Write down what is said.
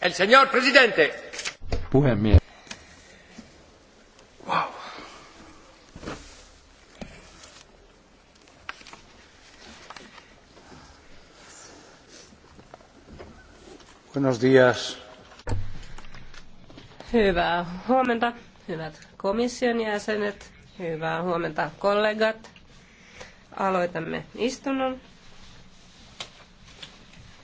El señor presidente. Puhemies. Wow. Buenos días. Hyvää huomenta, hyvät komission jäsenet, hyvää huomenta kollegat. Aloitamme istunnon.